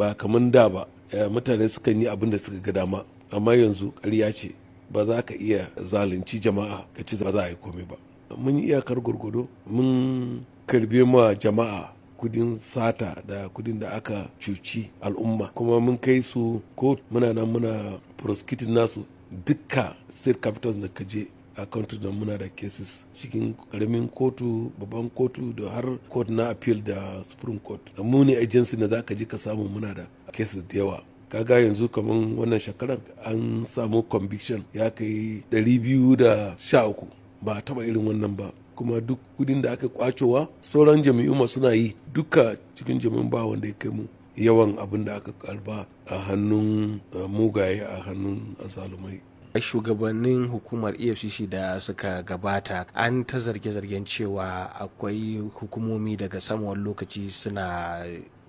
ba kamar da ba eh, mutane sukan yi abin da suka ga dama amma yanzu ƙarya ce ba za ka iya zalunci jama'a ka ci ba za a yi komai ba mun yi iyakar gwargwado mun karbe ma jama'a kudin sata da kudin da aka cuci al'umma kuma mun kai su ko muna nan muna prosecuting nasu dukka state capitals da ka je a country da muna da cases cikin karamin kotu babban kotu da har court na appeal da supreme court mu ne agency na za ka ji ka samu muna da cases da yawa kaga yanzu kaman wannan shekarar an samu conviction ya kai 213 ba taba irin wannan ba kuma duk kudin da aka kwacewa sauran jami'u ma suna yi duka cikin jami'un ba wanda ya kai mu yawan abin da aka karba a hannun eh, mugaye a hannun azalumai shugabannin hukumar efcc da suka gabata an ta zarge-zargen cewa akwai hukumomi daga samuwar lokaci suna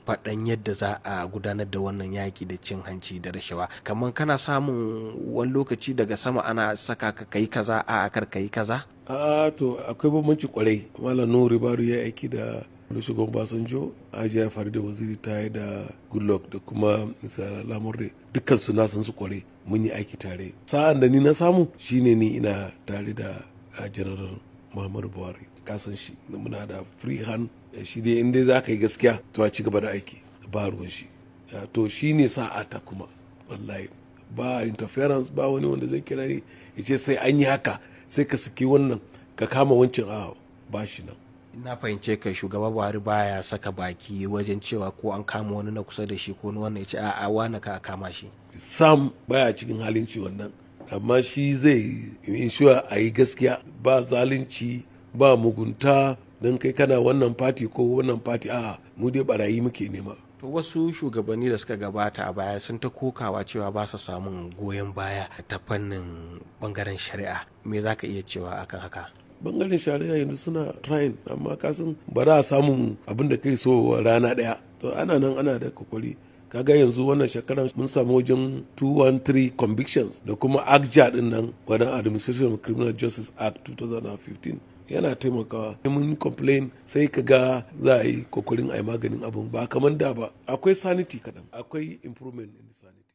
faɗan yadda za a gudanar da wannan yaƙi da cin hanci da rashawa kamar kana samun wani lokaci daga sama ana saka ka kai kaza a akar kai kaza a to akwai bambanci kwarai malam nuri baru ya aiki da da shugaban basanjo ajiyar fari da waziri ta yi da goodluck da kuma isara lamurre dukkan su na san su kware mun yi aiki tare sa'an da ni na samu shine ni ina tare da janaral ah, muhammadu buhari kasan shi muna da free hand eh, shi dai in za ka yi gaskiya to a ci gaba da aiki ba ruwan shi ah, to shi ne sa'a ta kuma wallahi ba interference ba wani wanda zai kira ni ya ce sai an yi haka sai ka saki wannan ka kama wancan a ah, ba shi nan na fahimce ka shugaba buhari baya saka baki wajen cewa ko an kama wani na kusa da shi ko wani ya ce a wani ka kama shi sam baya cikin halinci wannan amma shi zai yi. inshuwa a yi gaskiya ba zalunci ba mugunta don kai kana wannan fati ko wannan fati a mu dai barayi muke nema to wasu shugabanni da suka gabata a baya sun ta kokawa cewa ba su samun goyon baya ta fannin bangaren shari'a me zaka iya cewa akan haka bangaren shari'a yanzu suna trying amma kasan ba za a samu abin da kai so rana daya to ana nan ana da kokari kaga yanzu wannan shekarar mun samu wajen 213 convictions da kuma agja din nan wadda administration of criminal justice act 2015 yana taimakawa mun complain sai ka ga za a yi kokarin a maganin abin ba kamar da ba akwai sanity kadan akwai improvement in sanity